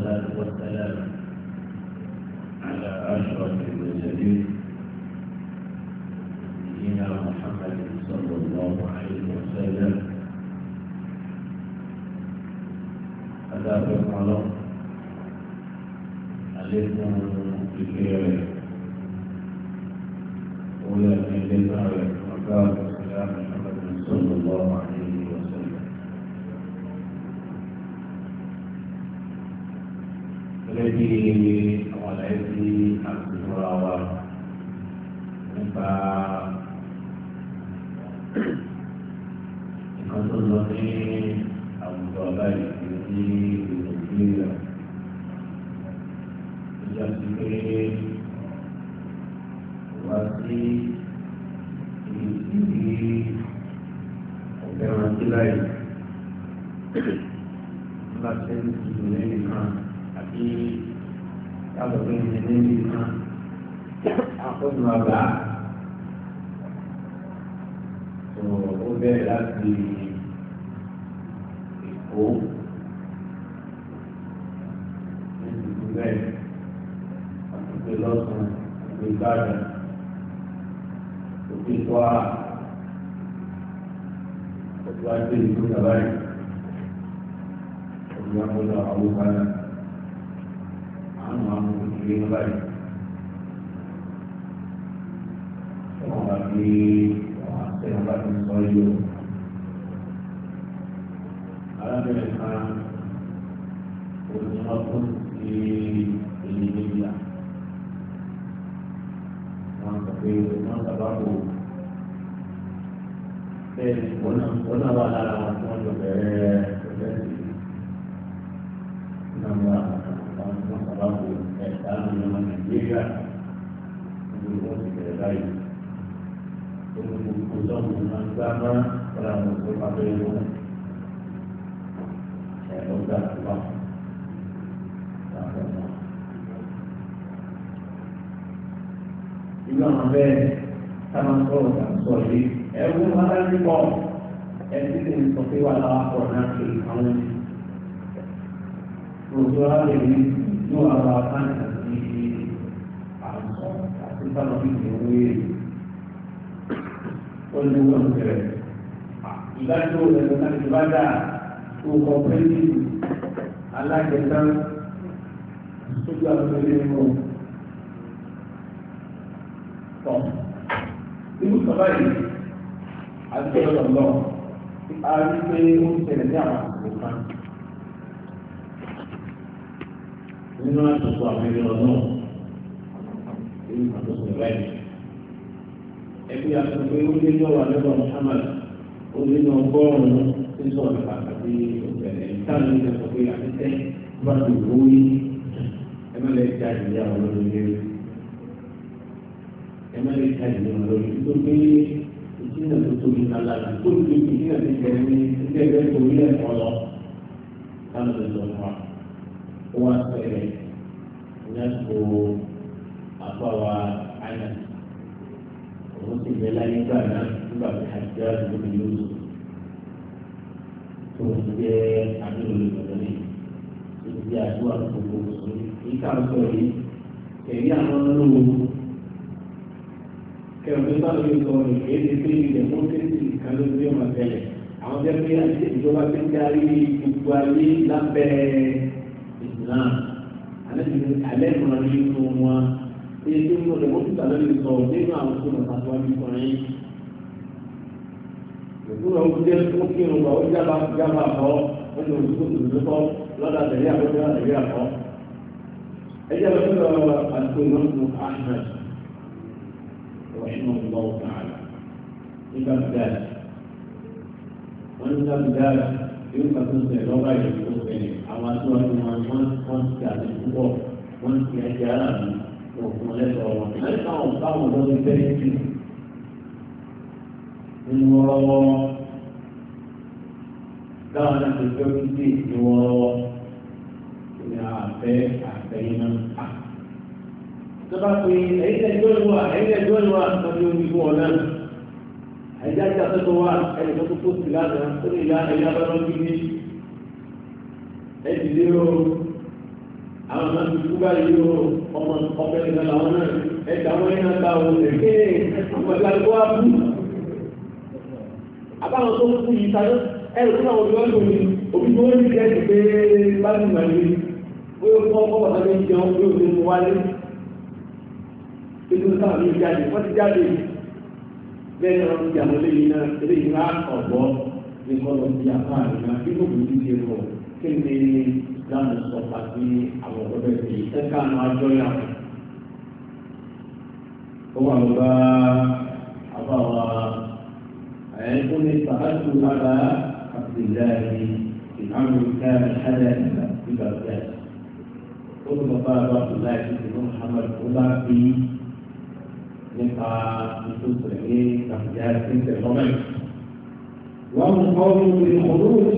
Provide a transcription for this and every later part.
والصلاة والسلام على أشرف المرسلين نبينا محمد صلى الله عليه وسلم أتابع الله عليكم بخير ولا من لله مكارم àtìmọ́ra wa nípa nǹkan tó lọ ní àwùjọ báyìí ní Nàìjíríà. Ìjà sí pé wá sí ìdí ọ̀bẹ rántí láì láti ń tìlú lẹ́yìn kan àbí kálọ̀bí ìdílé yìí náà àkójọ àgbà tó ó bẹ̀rẹ̀ láti Èkó nítorí bẹ́ẹ̀ àtúntò lọ́sùn àti Ìbàdàn òbí tó a òtún àti ìlú kàbáyé òbí àkójọ àwọn ọmọ náà gbé báyìí wọn bá gbé wọn àti wọn bá ti sọ yìí o arábìnrin kan òṣìṣẹ́ tó ti èyí níbi à wọn sọ pé wọn sábà kò bẹ́ẹ̀ wọn náà wà lára wọn tí wọn jọ bẹ̀rẹ̀ ọjọ́ ìsìn náà wọn ẹ̀ka lórí ọmọ nàìjíríà gbogbo wọn ti bẹ̀rẹ̀ báyìí gbogbo gbogbo sọ́ọ̀mù máa ń gbá mọ́ ọ̀la àwọn òṣèlú abẹ́rẹ́ wọn ẹ̀rọ gbà wà láàbọ̀ wọn. irú àwọn bẹ́ẹ̀ táwọn sọ̀rọ̀ kà ń sọ yìí ẹ̀rú máa ń rí pọ̀ ẹ̀sìn lè sọ pé wà láwàpọ̀ náà kì í àwọn ènìyàn. Òṣèlú abẹ́rẹ́ yìí yóò wá lọ àkáǹtì ní àǹsọ àti sábà bí ìwé wéèrè ó ní wọn bẹ̀rẹ̀ ìdájọ́ ẹ̀rọ náà ti bá dà tó kọ pẹ́ẹ́lí alájẹsá tó gbà lórí ẹ̀rọ tọ̀ irú sọ̀rọ̀ yìí àti sọ̀rọ̀ lọ a rí pé ó ń ṣẹlẹ̀ ní àwọn àgbẹ̀ kan. nínú àtúntò àfẹ́rẹ́ ọ̀nà nínú àtúntò ìwádìí. ẹbí àtúntò ó lé ní ọ̀wà lọ́dọ̀ Muhammad ó lé ní ọgọ́rùn-ún tí sọ nípa àti òbẹ̀rẹ̀ táwọn ìjọba sọ pé àtẹ́tẹ́ bá ti wó yí ẹ má lè ja ìyá wọn lórí lérí ẹ má lè ja ìyá wọn lórí tó gbé ìdílé tó tóbi náà lára tó gbé ìdílé tó tẹ̀lé ní ẹgbẹ́ tó yẹ ọ̀lọ́ táwọn ìjọba sọ fún wa wá ṣẹlẹ̀ lásìkò àfàwà àyà òun sì bẹ láyé gbà náà nígbà tí àjọ àdúgbò yóò sọ tó ń jẹ àdúgbò lọ́dọ̀ọ́lẹ̀ tó ń jẹ àdúgbò àdúgbò sọ̀rọ̀ yìí ká ń sọ̀rọ̀ yìí kẹ̀rí àwọn olówó kẹ̀rọ̀ tó bá lóye sọ̀rọ̀ yìí kẹ̀rí ti pé ilẹ̀ fún kéésì kan ló gbé ọmọ tẹ̀lẹ̀ àwọn jẹ́ pé àti ìjọba ti ń darí gbogbo ayé lábẹ́ náà àlẹ́bìnrin àlẹ́kùnrin ní inú wọn ṣé kí n lè wọ́n tìta lórí sọ nínú àwọn tó lọ́ta tó wájú fún yín. ìkúrò ó jẹ́ ó kí n wà ó jábà jábà kọ́ ó lè òṣìṣẹ́ òṣìṣẹ́ kọ́ lọ́dà tẹ̀lé àkọ́jọ́ àtẹ̀lé àkọ́. ẹ jẹ́ lọ́dún lọ́wọ́ àti ìmọ̀tò ahmed رحمه الله تعالى. إمام ذلك. وإمام ذلك yóò ká tó sẹ lọ́ba yìí tó sẹ àwọn aṣáájú wọn wọ́n wọ́n ti àti púpọ̀ wọ́n ti ẹ̀jẹ̀ ara mi òkun lẹ́tọ̀ọ́ wọn. lẹ́yìn táwọn táwọn lọ sí bẹ́ẹ̀ sí nínú ọlọ́wọ́ táwọn náà ti fẹ́ kí sí nínú ọlọ́wọ́ ní àfẹ́ àfẹ́yìn náà. tó bá ẹ̀yin ẹjọ́ ìwà ẹ̀yin ẹjọ́ ìwà tọ́jú omi fún ẹ̀dá ìjà tẹ́tọ́ wà ẹni tó kókó sí lánàá tó ní ìyá ẹ̀yà abẹ́rẹ́ gidi ẹ̀dì lérò àwọn ọmọ tó kú báyìí o ọmọ ọbẹ̀ nìkan làwọn náà ẹ̀dá wọn yẹn náà wọn ẹ̀ké ọ̀gá ló wá bú. àbáwọn tó kú yìí sáré ẹ̀rù tó náà wọ́n lọ́ọ́ lòdì òbí tó ń jẹ́ ti pé bá mi mà lé wọ́n yóò fọ́ ọkọ̀ bẹ́ẹ̀ náà ti àwọn eléyìí náà eléyìí náà ọ̀gbọ́ ní kọ́lọ̀ sí apá àríwá bí kò kò ti rọ kí ni ìdáhùn sọ pàtí àwọn ọ̀dọ́ bẹ́ẹ̀ sí ẹ̀ka àwọn àjọ yà wọ́n. ó wà lọ́ba àbáwá ẹ̀ ó ní sàkátù lára àtìlẹ́yìn ìhàmù káàmì ṣáàlẹ̀ ìgbà bẹ́ẹ̀. ó ní bàbá àbá àbúláì tó ti mú Muhammad ó bá bí nípa ìtòkù في أحداث التقامات وهم قالوا بالخروج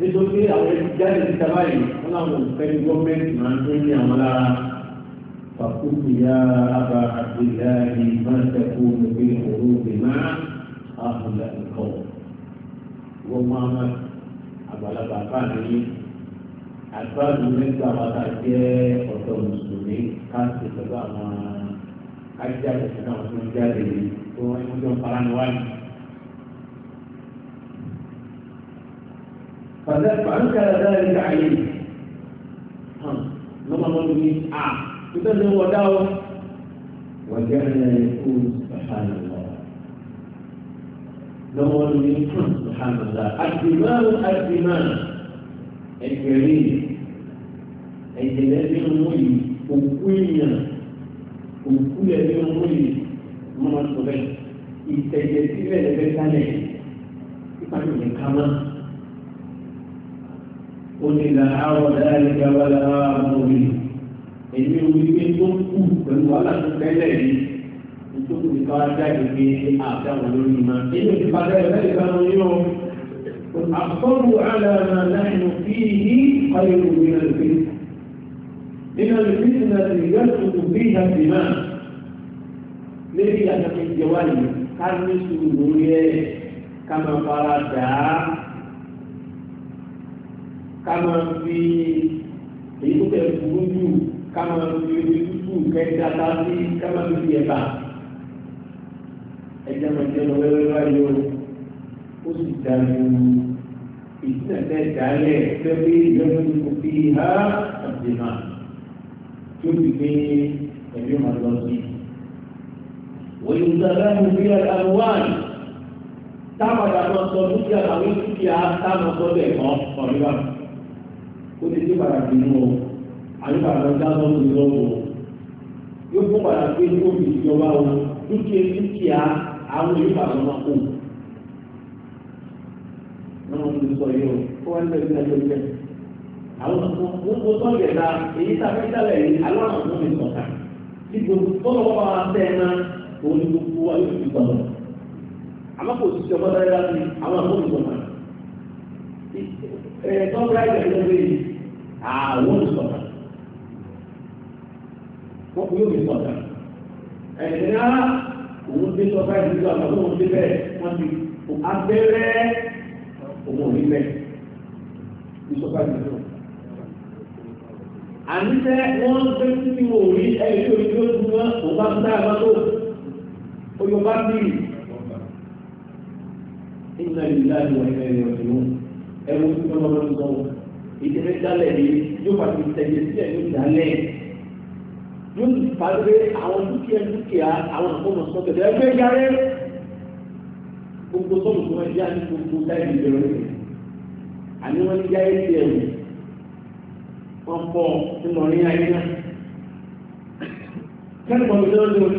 nítorí pé àwọn ìjáde ti tẹ́lá yìí wọ́n láwọn òfin gọ́ọ̀mẹ́ntì máa ń tó ní àwọn lára fàkúkú ya aba abdullahi máa tẹ̀kọ́ lórí òru bìmá àbúlá ìkọ́ wọ́n máa ma àgbàlagbà fáàmì yìí àgbàdo mẹ́ta wàtà jẹ́ ọ̀dọ́ mùsùlùmí káàkiri pẹ̀lú àwọn ajáde náà tó ń jáde yìí tó wọ́n ń jọ fara ní wáyé. Fàdé fàdúkàlà náà ní káyé hàn lọ́mọ wọn ní à títí ní wọ́n dá o. Wọ́n jẹ́ ẹ̀rẹ́ kó sàhánà lọ. Lọ́mọ wọn ní hàn sàhánà lọ. Àdìmáàlù àdìmáàlù ẹgbẹ̀rin ẹ̀jẹ̀ lẹ́bí mú yìí òkú ìyàn. òkú yẹ ní ọmọ yìí wọn máa sọ bẹ́ẹ̀ ìtẹ̀jẹ̀ sílẹ̀ lẹ́fẹ́ sálẹ̀ ìpàdé òní kámá ó ní là áwọ̀ láàyè gbàgbà làwọn àwọn òbí èmi ò ní pé tó kù pẹ̀lú wàhálà tó tẹ́lẹ̀ yìí nítorí òní káwá jáde pé àdáwọn lórí ma èmi ò ti padà ẹ̀ lẹ́yìn bá wọn yíyan àkọ́rù àlàmà náà nù fíìhì ọ̀yẹ̀wò ní ọ̀gbìn. من الفتنة يسقط فيها الدماء níbi àtàkùn ìjọba yìí ká ní sùúrù lórí ẹ ká máa fara dà á ká máa fi èyí tó tẹ̀ fún ojú ká máa fi ojú tútù kẹta bá sí yóò ti gbé ẹ̀mí ọmọ lọ sí. Wòye ìsàlámù bí àlùwáàlì táwọn àgbàdo sọ dúkìá àwọn dúkìá táwọn sọ bẹ́ẹ̀ kọ́ ọ̀rẹ́wà. Ó ti dé padà bínú o, àyùbá lọ dáná lórí lọ́wọ́ o. Yóò fún padà gbé tóbi ìjọba o, dúkìá dúkìá àwọn ìyípa lọ máa kó. Wọ́n ti sọ yìí o, ó wá ń tẹ̀lé ẹgbẹ́ bẹ́ẹ̀ àwọn gbogbo sọ́ọ̀gẹ̀ ta èyí tá a fẹ́ sálẹ̀ yìí aláwọ̀ tó lè sọ̀tà tí gbogbo tọ́lọ̀ wọn máa tẹ́ ẹ náà òun ni gbogbo wa yóò fi gbọ́ lọ. àmọ́ kò sí ọmọ dáadáa sí àwọn àmọ́ mi sọ̀tà. ẹ tọ́kùnrin àgbẹ̀ ló gbé yìí àwọn mi sọ̀tà. wọ́n kú yóò fi sọ̀tà. ẹ̀sìn náà òun gbé sọ́tà ìdílé àwọn tó ń gbé bẹ́ẹ̀ wọ́n ti abẹ́rẹ́ òun ní bẹ́ẹ̀ ìsọ̀tà àníṣe wọ́n gbé títí wò rí ẹni tí orí tó dùn wọn kò bá dá àwọn tó oyún bá bí i. ìgbà yìí láti wọ ẹgbẹ́ ìrìn òṣèlú ẹ̀rọ tí wọ́n lọ́wọ́ ń sọ̀rọ̀ ìdílé dálẹ̀ yìí yóò bá ti tẹ̀lé sí ẹ̀ yóò dálẹ̀ yóò sì pàdé àwọn dúkìá dúkìá àwọn àkómọ̀ sọ́kẹ̀dẹ̀ ẹgbẹ́ yáré gbogbo sọ́ọ̀lù tó wọ́n yá ní gbogbo láì wọ́n pọ̀ nínú ní ayé náà kẹ́lù pọ̀ lójọ́ lójọ́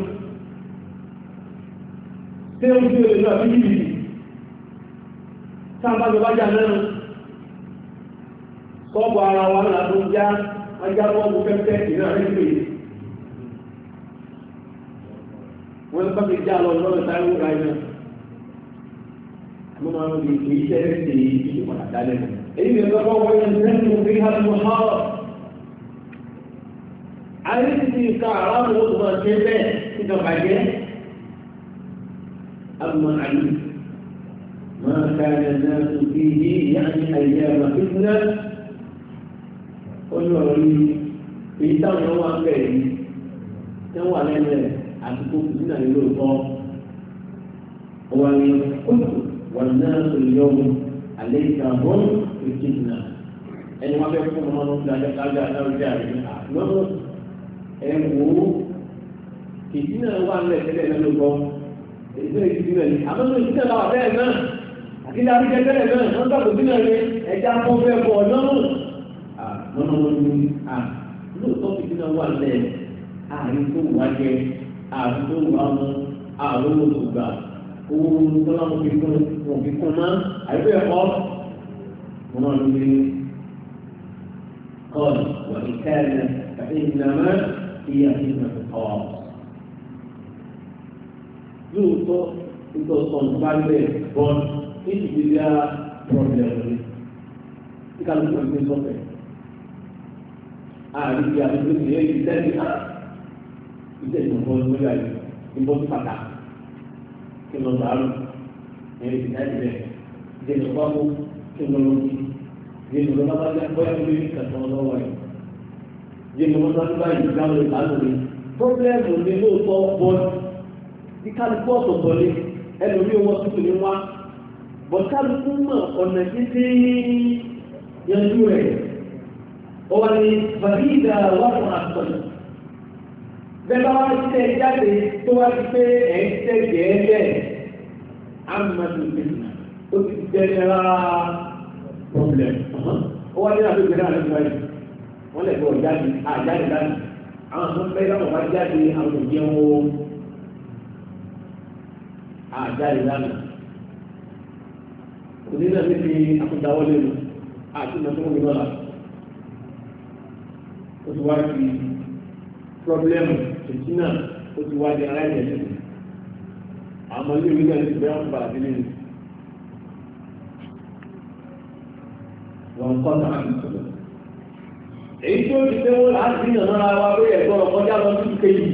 tí ó fi olè lọ́wọ́ bíbí bíbí sáà bá jọba jà náà sọ́ọ̀bù ara wa náà tó já ajá bọ́ọ̀bù pẹ́pẹ́ ìrìn àárín pè wọ́n bá ti já lọ lọ́rọ̀ táwọn ìwúra mo máa ń rí èyí tẹ́lẹ̀ sí ìdíje padà èyí ni ọgbọ́n wọ́n yẹn tẹ́lẹ̀ fún bí àríṣìí nǹkan àwọn owó tó máa ṣe bẹ́ẹ̀ nǹkan bàjẹ́ àmọ́ àyè máa ká ẹ̀dá tó fi ní ìyá ní àyè àmà fífúnná ó ní ọ̀rọ̀ yìí èyí táwọn ọmọ wa ń bẹ̀rẹ̀ yìí tí wọ́n wà lẹ́nu rẹ̀ àti tó fi sínú àyè lóòótọ́ wọ́n ní kókò wọ́n náà tó yọ̀ wọ́n àlẹ́ ìtàbọ̀n tó jìnnà ẹni wọ́n fẹ́ fún ọmọ ọmọ ọmọ ọmọ ọmọ ọmọ ọmọ ọmọ ọmọ ọmọ ẹ̀ wò ó ìdí náà wà ń lẹ̀ tẹ́lẹ̀ náà ló gbọ́ èyí náà ìdí náà ni àmọ́ náà ìdí náà bá wà bẹ́ẹ̀ náà àdílé abíjẹ tẹ́lẹ̀ náà wọ́n gbàgbọ́ sí náà lé ẹja fún bẹ́ẹ̀ bọ̀ lọ́rùn lọ́nà wọn ni à lóòótọ́ ìdí náà wà lẹ̀ àárín tó wà jẹ àárín tó wà mú àárín tó gbà owó tó láwọn fi kún wọn fi kún mọ́ àyẹ̀wò ẹ̀kọ́ wọn náà kọ́ọ̀lù wà ní kẹ́ẹ̀lẹ̀ àti هي كلمة الخواص lóòótọ́ nígbà tó ń balẹ̀ bọ́n nídìbíyà pọ̀lẹ́mù ni nígbà tó ń gbé sọ́fẹ̀. àárín bíi àdúgbò ní ẹ̀yìn ìtẹ́lẹ̀ náà ìtẹ́lẹ̀ tó ń bọ́ lórí àyè ìbọn tó pàtà kí lọ bàálù ẹ̀yìn ìtẹ́lẹ̀ bẹ̀ ìtẹ́lẹ̀ tó bá mú kí lọ lọ́ọ́ bí ìtẹ́lẹ̀ tó bá bá jẹ́ bọ́yá lórí ìtẹ́lẹ̀ tó lọ́wọ́ yìí jẹ́nu mọ́sálásí báyìí ìdáhùn ìlànà mi pọ́blẹ́mù ni lóòótọ́ bọ́ ní kálukú ọ̀tọ̀ọ̀tọ̀ ni ẹlòmíì wọ́n tuntun ní wá bọ́ kálukú mọ̀ ọ̀nà títí yanjú rẹ̀ ọ̀wá ni fàdídà wà fún àtọ̀nà bẹ́ẹ̀ bá wá tẹ̀ jáde tó wá ti pé ẹ̀ ń tẹ̀ gẹ́ẹ́lẹ̀ amadu bẹ́ẹ̀ ó ti dẹ́rẹ́ rárá pọ́blẹ́mù ọ̀wá ni àbẹ̀gbẹ̀rẹ̀ àlẹ́ wọ́n lè lọ jáde àjáde dání àwọn tó ń bẹ́ láwọn bá jáde àwọn òjì ẹ̀wọ̀ àjáde dání òní náà ní fi àkójáwọlé lò àti ìnáwó náà ó ti wá fi pọ́blẹ́mù tuntun náà ó ti wá di aláìlẹ̀ lẹ́nu àmọ́ ilé ìwé náà ti bẹ́ẹ̀ ń bàbí lẹ́nu. wọn kọ́ sáà ní èyí tí ó ti pé wọ́n láti rí ìyànná ara wa pé ẹ̀gbọ́n ọkọjá lọ sí kéyì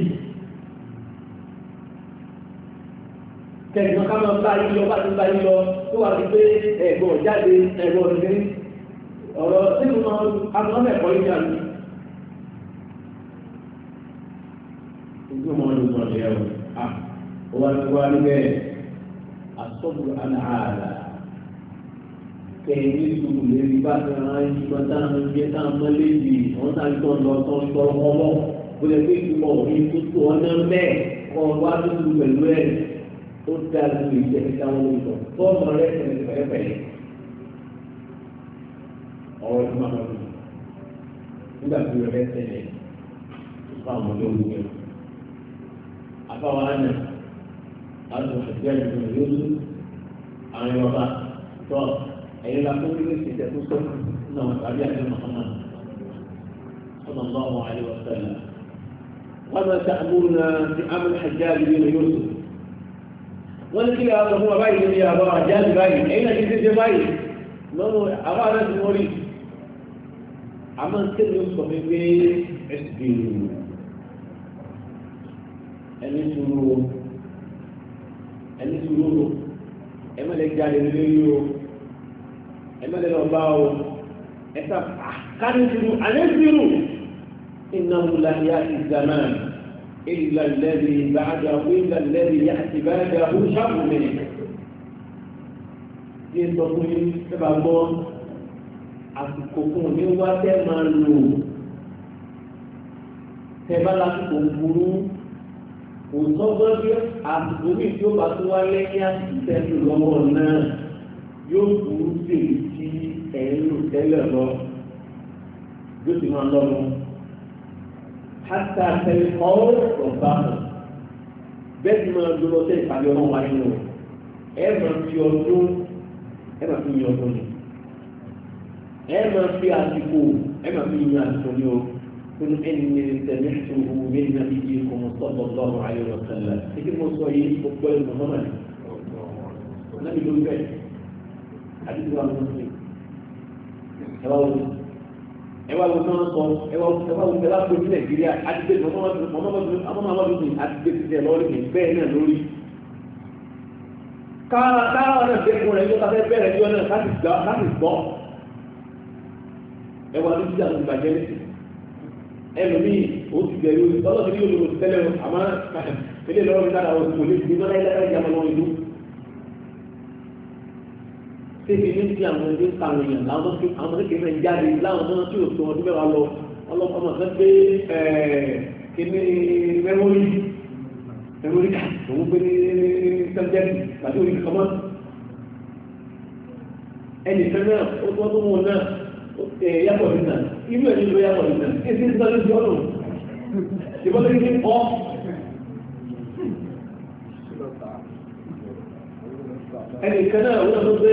kẹ̀gbọ́n ká bá yí lọ bá ti bá yí lọ tó wà sí pé ẹ̀gbọ́n jáde ẹ̀gbọ́n ọ̀sẹ̀ ọ̀rọ̀ sínú náà agbọ́n ọdún sọ̀rọ̀ kẹ̀mí sùúrù lórí bàtà ìgbọ̀n tá àwọn ìgbẹ́ tá àwọn mọ́lẹ́bí àwọn tá àgbọ̀n lọ tó ń tọrọ ọmọ kó lè fi ìtumọ̀ òfin tó tó ọ náà bẹ́ẹ̀ kọ́ ọ wá tó tu pẹ̀lú ẹ̀ ó dá lu ìjẹ́ níta wọn ló sọ fọ́ọ̀mù rẹ̀ tẹ̀lé pẹ̀lẹ́pẹ̀lẹ́ ọ̀rọ̀ tó máa lọ nígbà tí rẹ̀ tẹ̀lé fáwọn olóògùn yẹn afáwọn àná àti òṣèlú ẹ̀jẹ̀ yóò tún àwọn ọba tọ́ọ̀. أي لا تؤمن في تفسر أنه تعليم محمد صلى الله عليه وسلم وما تأمرنا في أمر الحجاج بن يوسف ولكن هذا هو باي يا أبا رجال باي أين جزيز باي ما هو أغانا الموري أما سر يوسف من بيه عسبين أني سنوه أني سنوه أما لك جالي من يوسف mẹ́lẹ̀ lọ bá o ẹ̀ta kánìtìrù àlẹ́sìrù iná wùláyà ìzàmà ìlà lẹ́bi ìbáàdà wíńdà lẹ́bi yàtì báàdà ó ṣàkùnmẹ̀ yé sọ fún mi sábà gbọ́ àsìkò fún mi wá tẹ́ máa lò tẹ́ lásìkò burú òtọ́gbọ́n bí àsìkò mi tí ó bá tó wá lẹ́yìn àsìkò tẹ́ lọ́wọ́ náà yóò burú sí èyí tí ẹ̀ ń lò tẹ́lẹ̀ lọ yóò sì máa lọ́nu hátà tẹ́lẹ̀ ọ̀rọ̀ ọ̀bá mọ̀ bẹ́ẹ̀ sì máa dúró tẹ́lẹ̀ ìpàdé ọmọ wa nínú rẹ̀ ẹ máa fi ọdún ẹ máa fi yan ọdún ni ẹ máa fi àsìkò ẹ máa fi yan àsìkò ni o kún ẹni ní tẹ̀lé ìṣòro mi ní àbíyí kò mọ̀ sọ́dọ̀ lọ́rùn ayé wọn tẹ́lẹ̀ ṣé sọ yìí mo gbọ́ ìmọ̀ náà nàbí ló àdúgbò àwọn ọmọ mi ẹwà wò ẹwà wò náà sọ ẹwà wò ẹwà wò ẹwà wò ní nàìjíríà àdúgbò ìlú ọmọ ọmọ ọmọ mi àdúgbò ìlú ẹ lọ́rí mi bẹ́ẹ̀ náà lórí. kára kára wọn náà dẹkùn rẹ yóò káfẹ́ bẹ̀rẹ̀ yóò náà láti gbọ́ láti ẹwà ló ti dà lórí bàjẹ́ lẹ́sìn ẹlòmíì ó tẹ́bi ní ti àwọn ẹbí ń ta àwọn èèyàn láwọn tó àwọn kékeré ń jáde láwọn náà tí yóò tó ọdún mẹ́wàá lọ ọlọ́kọ́mọ fẹ́ gbé kíní mẹ́mórì mẹ́mórì kà òun gbé ní sẹ́ńtẹ́ẹ̀tì tàbí orí kọ́mọ́. ẹnì kan náà ó tó ọdún wọn náà yàtọ̀ nínà irú ẹni ló yàtọ̀ nínà èsì ń sáré sí ọ̀nà ìbọn lórí ní ọ́. ẹnì kan náà wọ́n tó gbé.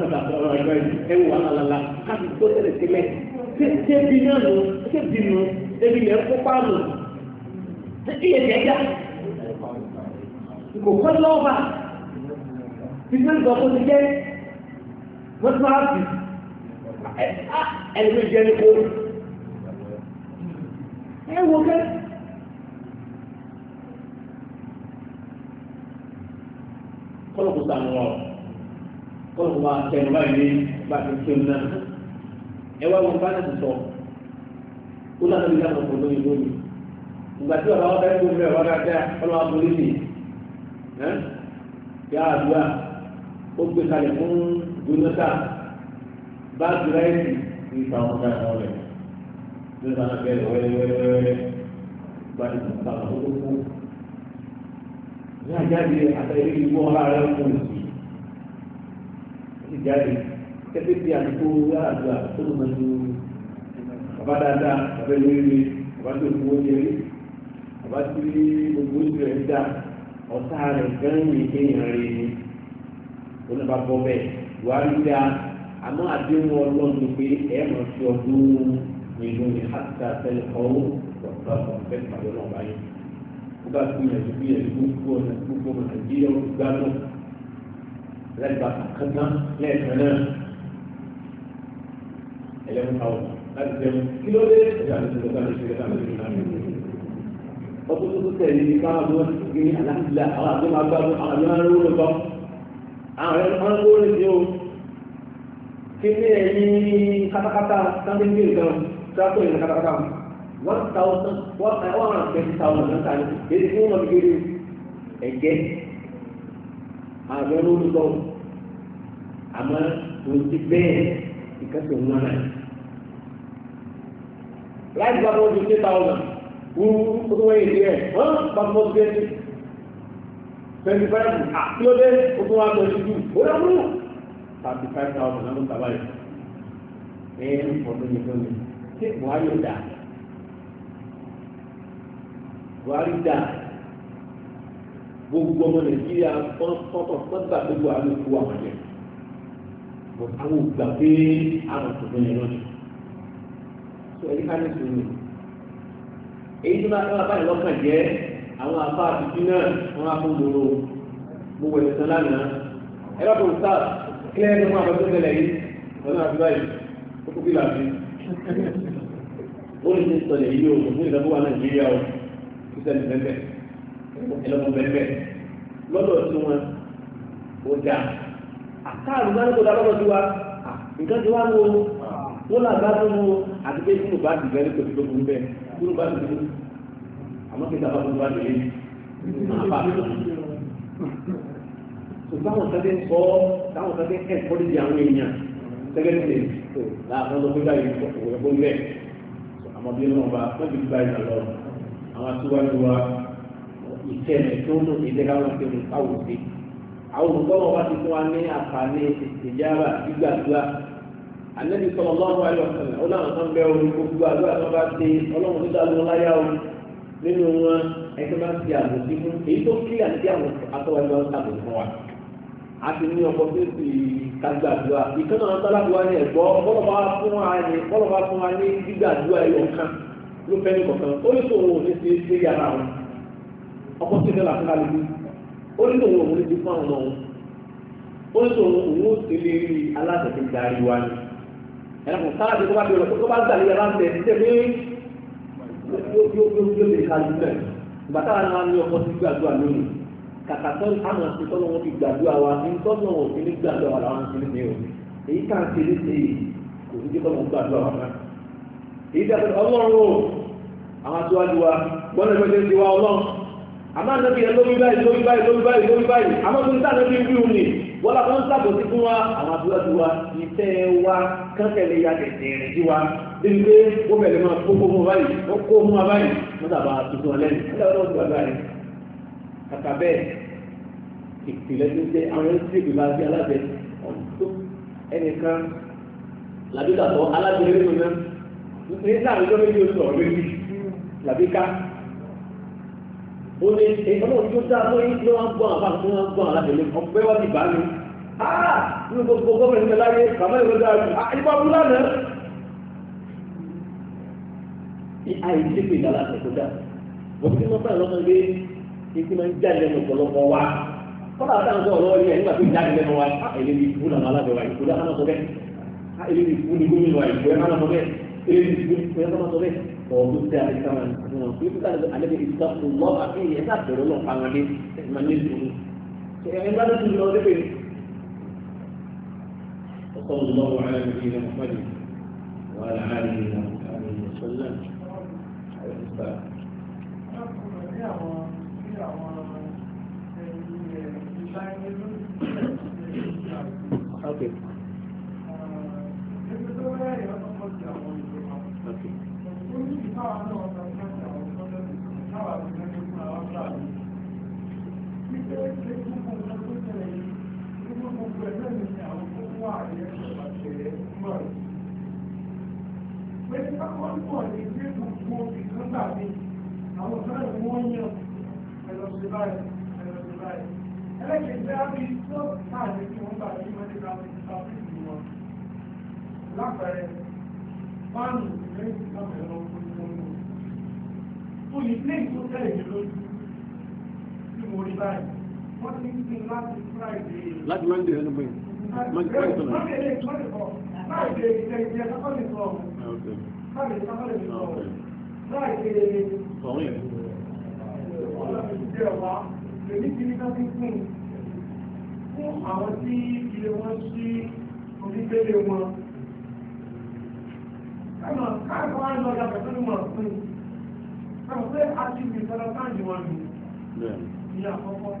kàkà ọ̀rọ̀ ẹ̀rọ ẹ̀wù alàlàlà káàdì tó tẹ̀lé tẹ́lẹ̀ tẹ́bi náà nù tẹ́bi nù tẹ́bi yẹn kó páànù tẹ́bi yẹn kẹ́jà kò kọ́ lọ́ọ̀bà títí ń gbọ́kọ́ ti jẹ́ wọ́n ti máa bì ẹ̀ẹ́dẹ́gbẹ́ jẹ́ ní kó ẹ̀wù kẹ́. kọ́lọ́kùtà ń wọ̀ ọ́ kọ́nù wa tẹnu báyìí ní bàtí tí ó náà ẹ wá wọn bá nàìjíríà sọ ó náà lórí ìdáná kò lóyún lóyún ìgbà tí ọ̀rọ̀ ọ̀dà ẹ̀kọ́ rẹ̀ wá dáadáa ọ̀rọ̀ àbúrí nì yá àdúrà ó gbé kalẹ̀ fún jonathan báàgì ráìsì ní ìtàwọn ọ̀dà ẹ̀kọ́ rẹ̀ jonathan bẹ̀rẹ̀ wẹ́rẹ́wẹ́rẹ́ gbàdúrà ìtàwọn ọ̀dà ẹ̀kọ́ rẹ̀ ní àjáde àtẹ̀lé ìwọ́ ọ̀rá rẹ̀ kù sí sì jáde kẹ́tẹ́ sí àdúgbò àdúrà tó lọ́mọ ju bàbá dáadáa bàbá ìlú bàbá tó gbowó jẹrí bàbá tí gbogbo ojú rẹ̀ dá ọ̀tá rẹ̀ gẹ́rìn kéèyàn rẹ̀ ni olùbá bọ́ bẹ́ẹ̀ buhari dá àmọ́ àdéhùn ọlọ́run pé ẹ̀ mọ̀ sí ọdún nínú ní àtúntà tẹ́lẹ̀ ọ̀hún ọ̀tá ọ̀fẹ́ pàdé ọlọ́ọ̀bá yìí. ó bá gbìyànjú gbìyànjú gbogbo ọ̀nà gbogbo ọ̀nà nàìjíríà ó gbádùn lẹ́gbàá kankan lẹ́ẹ̀kan náà ẹlẹ́mú káwọ́ láti jẹun kí ló dé ẹ̀jẹ̀ àti ìjọba ló ṣe ẹ̀ka ló ṣe náà ọdún tó tẹ̀lé ní káwọn tó ní aláǹdílà àwọn àti máa gbádùn àwọn àti máa ń rówó lọ́kọ́ àwọn ẹ̀rọ máa ń rówó lọ́kọ́ kí ní ẹ̀yìn kátákátá sáńdéńdé ìgbọ̀n tíráfò ìrìn kátákátá one thousand one hundred and twenty thousand náà tàbí èyí tí wọ́n lọ fi kéré ẹ̀jẹ̀ àwọn ẹ̀rọ lọ́kọ́ àmọ́ kò ti bẹ́ẹ̀ ìkẹ́sọ̀ wọn náà. láti bá wọn ti ṣe ta ọ̀nà wúwú kó tó wáyé díẹ̀ hàn bá wọn ti ṣe twenty five àkílódé kó tó wáyé twenty two ó yẹ kú thirty five thousand náà ló ń tàbá yìí. ẹ ẹ ń fọdún yìí fún mi ṣé buhari ò dáa buhari dáa gbogbo ọmọ nàìjíríà kọ́ńtọ̀ kọ́ńtà gbogbo àlùkù àwọn jẹ́ àwọn ògbà pé àwọn òṣèlú yẹn lọ́dún tó ẹni ká ní sùúrù èyí tó bá tẹ́wọ́ abáyé lọ́kàn jẹ́ àwọn afá àtúntí náà wọ́n á fún lòrò mo wẹ̀ lọ́sàn lánàá ẹ bá tó sáà kílẹ̀ ẹni fún àbẹ̀tọ́ tẹ̀lẹ̀ yìí ọ̀nà àti báyìí ó kó bí làbí ó lè ní sọlẹ̀ yìí o fún ìdánwò wa nàìjíríà o kí sẹ́ni bẹ́ẹ̀ bẹ́ẹ̀ ẹlọ́mọ lọ́dọ̀ tí wọ́n ó dáa àtàrù bá ní kò dábọ́ sí wa nǹkan ti wá ní oorun wọ́n là gbá fún oorun àti pé kúrò bá dìgbà ní kòtò tó burú bẹ́ẹ̀ kúrò bá dìgbà àmọ́ kí n dábàá kúrò bá dìgbà àbá ṣùgbọ́n àwọn sẹ́dẹ̀ ń kọ́ táwọn sẹ́dẹ̀ ẹ̀ kọ́ dídì àwọn èèyàn sẹ́gẹ́dì ní tó láàbọ̀n lọ pé báyìí kò yẹ àmọ́ bí náà bá wọ́n ti gba ìgbà lọ àwọn àtiwájú wa ìtẹ́ ẹ̀ tó ń tó ń káwọ́ àwọn olùkọ́ wọn bá ti fún wa ní àǹfààní ìjára gbígbàdúrà Ànábì sallallahu alaihi wasallam ó láwọn kan bẹ orí gbogbo ṣe tó dáa láyà o nínú wọn àbò sí fún èyí tó àti àwọn fún wa a ti ní ọkọ̀ tó ti kagbàdúrà ìkànnà àtàlàbùwà fún wa ó ní tòun ti fún àwọn ọmọ òun ó òun ó ti lè rí aláṣẹ tó darí wa ni ẹnìkan sáláàdì tó bá bí tó bá lè ka lù mẹ ìgbà táwa náà ní ọkọ sí gbàdúrà n'i kàkà tó àwọn àti tọ́lọ́ wọn ti ní ti ní àmọ́ ànábì yẹn lórí báyìí lórí báyìí lórí báyìí lórí báyìí àmọ́ tó ń tà lórí wíwù ni wọ́n làwọn ń sàbòsí fún wa àwọn abúlọ́dù wa ìfẹ́ wa kánkẹ́lẹ́ ya tẹ̀sẹ̀ rẹ̀ sí wa débi pé ó bẹ̀rẹ̀ máa kó fún wa báyìí ó kó fún wa báyìí wọ́n tàbá tuntun lẹ́nu wọ́n tàbá tuntun lẹ́nu kàkà bẹ́ẹ̀ ìpìlẹ̀ tó ń jẹ́ àwọn ẹni tí ìgbìmọ̀ àti alábẹ ẹnìkan làbíkà tó alábẹ ẹni tó náà nígbà tó ó ní ìtọ́lọ́wọ́ tó dáa tó yí ló wọ́n gbọ́n àbá tó wọ́n gbọ́n alábẹ̀lẹ̀ ọ̀pẹ́ wá ti bá mi áà ní gbogbo gómìnà ní láyé kàmọ́ ìwé dáa ju àìbá búlá náà ní àìsí pé ìdálá tẹ̀ tó dáa wọ́n fi máa bá ìlọ́mọ gbé ikú máa ń jáde lẹ́nu ọ̀pọ̀lọpọ̀ wa kọ́lá àtàǹsọ̀ ọ̀lọ́wọ́ yẹn nígbà tó jáde lẹ́nu wa ẹ̀lẹ́ni ah, ìfú làwọn alábẹ̀wà ìfú làwọn sọ bẹ́ẹ̀ ẹ̀lẹ́ni ìfú ni gómìnà ìfú ẹ̀ ọdún tí a lè sábà nínú ọ̀pọ̀ ìfúta alẹ́ bíi ìfúta tó lọ́ àbí ẹ̀ náà bẹ̀rẹ̀ lọ pa wọn dé ẹ̀ma ní ìlú. ẹ̀ bá dúdú lọ débè. ọkọ̀ ọ̀dùnmọ́ wàhálà mi ìlú mọ́fàdì wàhálà àárín ìlú àárín ìlú sọ́lá àwọn ìfúta. Okay. Okay pé káwọn pọ̀ ní ilé gbogbo ìlú gbà mí àwọn kan ní wọ́n yàn fáànù lẹ́yìn ìgbàmọ̀ ẹ̀rọ fún ọmọ tó lè lé ìtò tẹ́lẹ̀ jù lójú tí mo rí báyìí wọ́n ti ń sin láti friday. láti monday ẹnu bẹ́ẹ̀ monday friday sọ̀rọ̀. monday lè tọ́ lè bọ̀ friday ìjẹ́ ìjẹ́ sábà lè sọ. friday sábà lè sọ. friday sọ̀rọ̀ yẹn. Ah, ọlọ́run ti jẹ́ wa èmi ti ní ká fi kún un fún àwọn tí ilé wọn sí onígbélé wọn ẹ̀mọ̀ káàkọ́ wá lọ yàtọ̀ tó ní mọ̀ pé ẹ̀mọ̀ pé a ti fi sọ̀rọ̀ sáàjì wọn lù ní àkọ́kọ́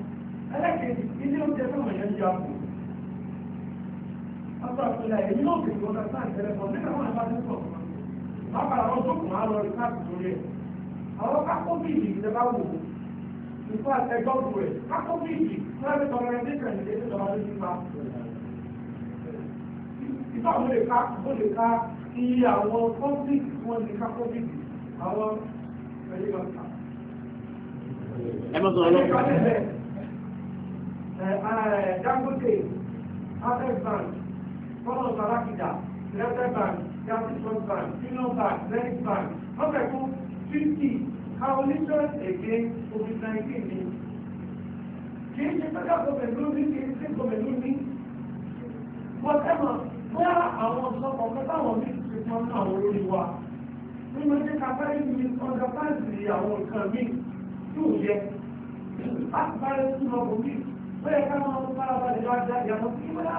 ẹlẹ́kẹ̀ẹ́jì ilé oúnjẹ fẹ́mọ̀ yẹn jẹ́ àpò ọ̀pọ̀ àpẹẹrẹ èyí náà kò tó kàtà ìtẹ́lẹ̀kọ̀ nígbà wọn bá tẹ́sọ̀ bàbá àwọn tó kùn á lọ rí káàkiri lórí ẹ̀ àwọn kákóbìlì ìjọba wò nípa ẹgbẹ́ òkú rẹ̀ kákóbìlì láti tọrọ ẹni kẹ̀lé ìjọba lórí pa ìtọ́ àwọn olè ká tí àwọn conflict wọn ti ká conflict àwọn ẹ̀yẹ́ lọ sà. ẹ mọ̀ sọ̀rọ̀ lọ́wọ́. Dangote Access Bank fọlọ́ sarakida Bank Capital Trust Bank Union Bank Zenith Bank wọ́n fẹ́ kó fifty coalitions against COVID-19 ni kì í ṣe pẹ́lú àgbọ̀mẹ̀lú ní kì í ṣe gbọ̀mẹ̀lú ní. Wọ́n tẹ́ mọ̀ bóyá àwọn sọ̀kọ̀ kọ́tà wọn bí wọ́n náà lórí wa ní mo jẹ́ ká báyìí ní ọjà báyìí àwọn nǹkan mi yóò yẹ láti báyìí sí ọkọ̀ mi ó yẹ ká máa ń fara balẹ̀ dáadáa ìyàtọ̀ sí wẹ́lá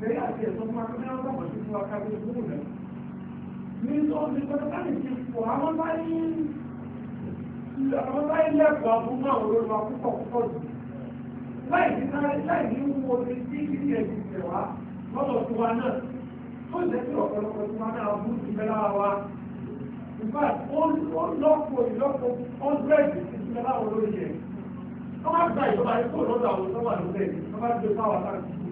bẹ̀rẹ̀ àti ẹ̀sọ́ fún akẹ́kọ̀ọ́ náà wọ́n ti fún akẹ́kọ̀ọ́ fún rẹ̀ ní ọdún ìgbàlódé báyìí ti fò àwọn báyìí lẹ́kọ̀ọ́ àbúrò àwọn olórí wa púpọ̀ púpọ̀ jù láì ní láì ní wo lẹ́sìn ọ̀pọ̀lọpọ̀ tí wọ́n náà mú ìfẹ́ lára wa in fact ó lọ́pọ̀ ìlọ́pọ̀ hundred ìfẹ́ lára olórí yẹn wọ́n máa gba ìjọba ikú lọ́dọ̀ àwọn tó wà lóbẹ̀ wọ́n máa gbé fáwọn láti fi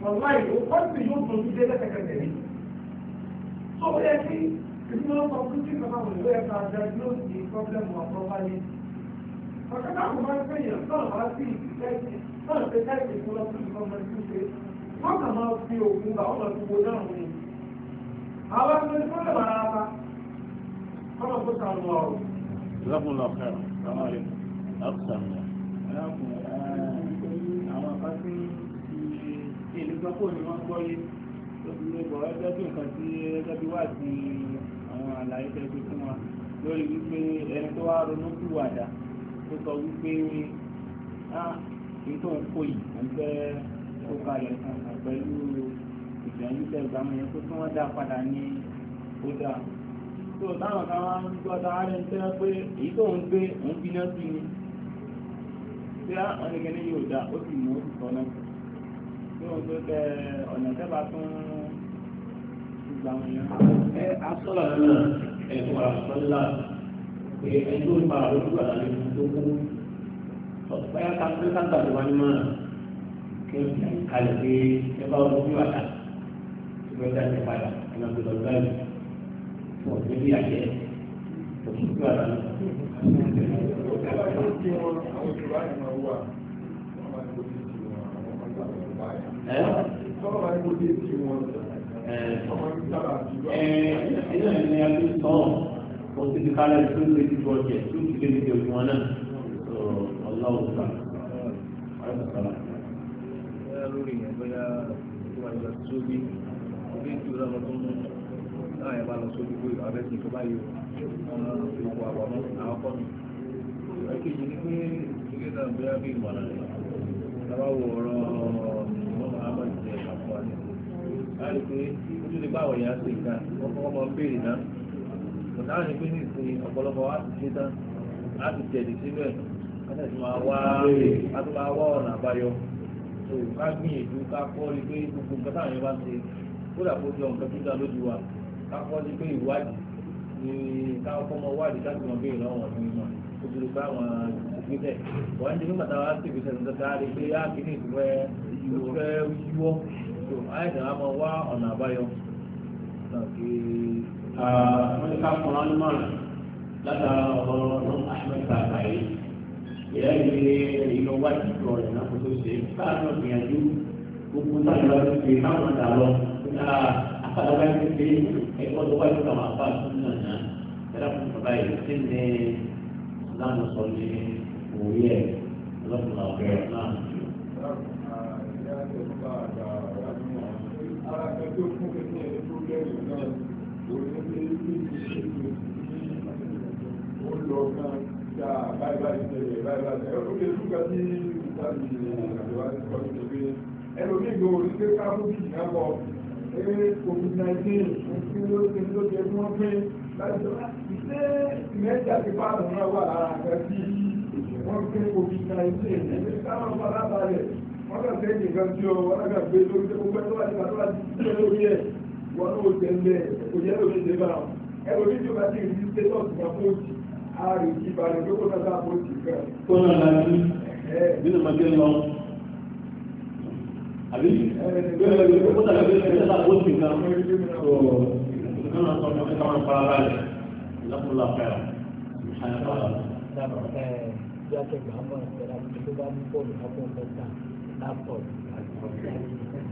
wọ́n ọ̀la ìlú kọ́ńtì yóò tó ní dé lẹ́sẹ̀kẹsẹ̀ ní. tó yẹ kí ìdúró sọ fún tí kọ́ńtà wò ló yẹ ká diagnose the problem of properly. ọ̀kẹ́ta kò máa ń pè yàn sọ̀rọ̀ wá sí ìfẹ́ sọ̀rọ̀ pé káyọ̀ ìfowópamọ́ ìfowópamọ́ ìfowópamọ́ wọ́n kàn máa fi òkun bá wọ́n máa fi wo náà ní. àwọn akẹ́kọ̀ọ́ ní kọ́lẹ̀ màrà bá kọ́lọ̀ tó ta lọ ọ̀rọ̀. lọ́kùn lọ kẹrọ sọmọ rẹ ọkùnrin mi. alákùnrin àwọn apá tí ìlú gbọ́pọ̀ ni wọ́n gbọ́ yé lórí bọ̀ ẹgbẹ́ tó nǹkan tí ẹgbẹ́ bí wà sí àwọn àlàyé tẹ́gbẹ́ fún wa lórí wípé ẹni tó wá ronú sí wàdà tó sọ wípé ah nítorí kò yìí ń kó balẹ̀ kankan pẹ̀lú ìgbẹ̀yìn tẹ̀gbà mi kó tí wọ́n dá padà ní ó dà. tó táwọn kan wá ń gbọ́ ta rẹ̀ ń tẹ́ pé èyí tó ń gbé òun gbiná sí ni tí àwọn ẹnikẹ́ni yóò dá ó sì mú òsì sọ náà tí wọ́n tó tẹ ọ̀nà tẹ́bà tún gbà wọ́n yẹn. ẹ asọ́là náà ẹ̀kọ́ àṣọlá pé ẹni tó tó kú ọ̀pẹ́ àtàkùn ká gbàdúrà ní mọ́ra yóò ti kalẹ̀ pé ẹ bá wọn bí wàdà tó bẹ́ẹ̀ dá ti padà ẹ máa gbọdọ̀ gbá mi tó o níbi àjẹ tó o bí wàdà lọ. Ẹ̀ẹ́dẹ̀ ni a ti sọ ọ́ o ti di kálẹ̀ tó ń lè ti bọ̀ jẹ̀ tó ti lè ti di òkun wọn náà. Ọlọ́run sọ. Ọlọ́run sọ. lórí yẹn bóyá wà lọ sóbi òbí ju lọ́wọ́ tó ń náà yẹn bá lọ sóbi pé abẹ́ ti tó báyìí ọmọ ni pé náà bóyá bí ìmọ̀ràn rẹ̀ ọ̀rọ̀ um, àpò a pé ó lè bá ṣe ìka béèrè náà. tó ká gbìyànjú ká kọ́ rí pé gbogbo nǹkan táwọn yẹn bá ń ṣe kódà kó jọ nǹkan tó dá lójú wa ká kọ́ rí pé ìwádìí ni káwọn fọmọ wádìí ká gbìyànjú béèrè lọ́wọ́ ọ̀dọ́ mi náà kó tó lè bá àwọn ìgbésẹ̀ wọ́n ń dín nígbà táwọn á sì gbèsè tuntun rí pé á ah, kí ní ìfẹ́ ìfẹ́ yíwọ́ tó àìsàn á máa wá ọ̀nà àbáyọ. Àwọn ìka kan ìyá ìdílé ìlú wájú tó ọ̀rẹ́ náà kó tó ṣe káàtó gbìyànjú gbogbo táwọn bá ti ṣe káwọn dà lọ àpàdé bá ti ṣe ẹ̀kọ́ tó wájú káwọn àpá àtúntò náà ẹ̀rọ fún bàbá yìí sí ní láàmú sọ ní òwe ẹ̀ ọlọ́kùnrin ọ̀gẹ́ náà. Ara ẹgbẹ́ fún kẹ́kẹ́ ẹni tó lẹ́yìn náà, òun ní bí ó ti ṣe é lò sí ó lọ náà. ìta báyìí tẹ̀lé báyìí tẹ̀lé ó lè lúkà sí ìtàbí àbẹ̀wá ti kọ́ sí pé é o ní o káàbù bí ìyá é pé covid-19 o ló ti ló jẹ fún wọn pé láti sọ é ìmẹ́jà ti bá àwọn náà wà lára o que é pé covid-19 ẹgbẹ́ táwọn que alábàárẹ̀ wọ́n kàn fẹ́ yìí o tí ó wọ́n kàn gbé lórí tó gbẹ́ tó wà nípa o wà o que o wọ́n ó tẹ̀lé kò yẹ lórí que o tó bá que rí sí tẹ́lọ̀ a rí kí balẹ̀ tó kó tata bó ti fẹ́. kó náà la ní nínú ma gbé lọ àbí gbẹ́rẹ́ gbẹ́rẹ́ kó tata gbẹ́rẹ́ gbẹ́rẹ́ tata bó ti fẹ́. ọ̀ọ́ náà sọ fún mi káwọn fara balẹ̀ ìlàkùnrin la fẹ́ Jáde Gàmọ́ ìṣẹ̀lá tó bá ní fóònù lọ́kùnrin tó ta lápọ̀tù àti ọ̀gá ìṣẹ̀lá.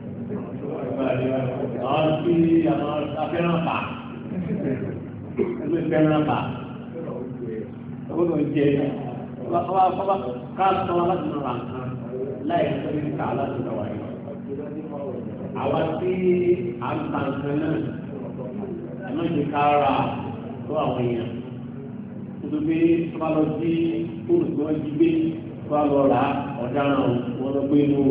Àwọn tí àwọn afẹ́ràn pa, ẹgbẹ́ fẹ́ràn pa gbọ́dọ̀ jẹ ká sọ́wọ́ láti máa ra nǹkan láì sọ ní ká láti lọ wáyé. àwa tí a ń ta nǹkan náà ẹ má jẹ ká ra tó àwọn èèyàn tuntun pé tó bá lọ sí olùkọ́ jí gbé tó lọ rà ọ̀daràn wọn lọ gbé inú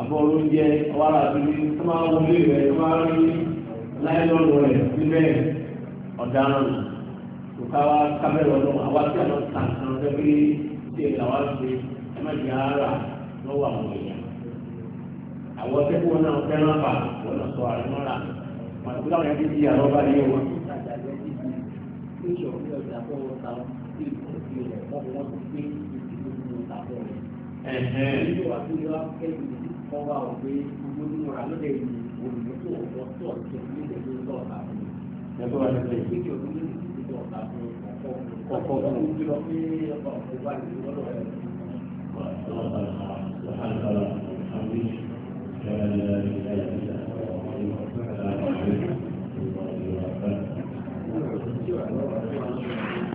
àbọ̀ oúnjẹ wàrà àbílí tó máa wọlé rẹ̀ tó máa rí láìlọ́ọ̀lù rẹ̀ síbẹ̀ ọ̀daràn kò ká wá kámẹ́rà ọlọ́run àwa tí a lọ tà kan fẹ́ pé ṣe làwa ṣe ẹ má jẹ ara lọ́wọ́ àwọn èèyàn. àwọn akẹ́kọ̀ọ́ náà fẹ́ràn bà wọ́n lọ sọ àrùn náà wọn àti láwọn yẹn di àrọ́ bá ní ìwọ. Ẹ̀hẹ́n. ọkọ̀ fún un. Thank you.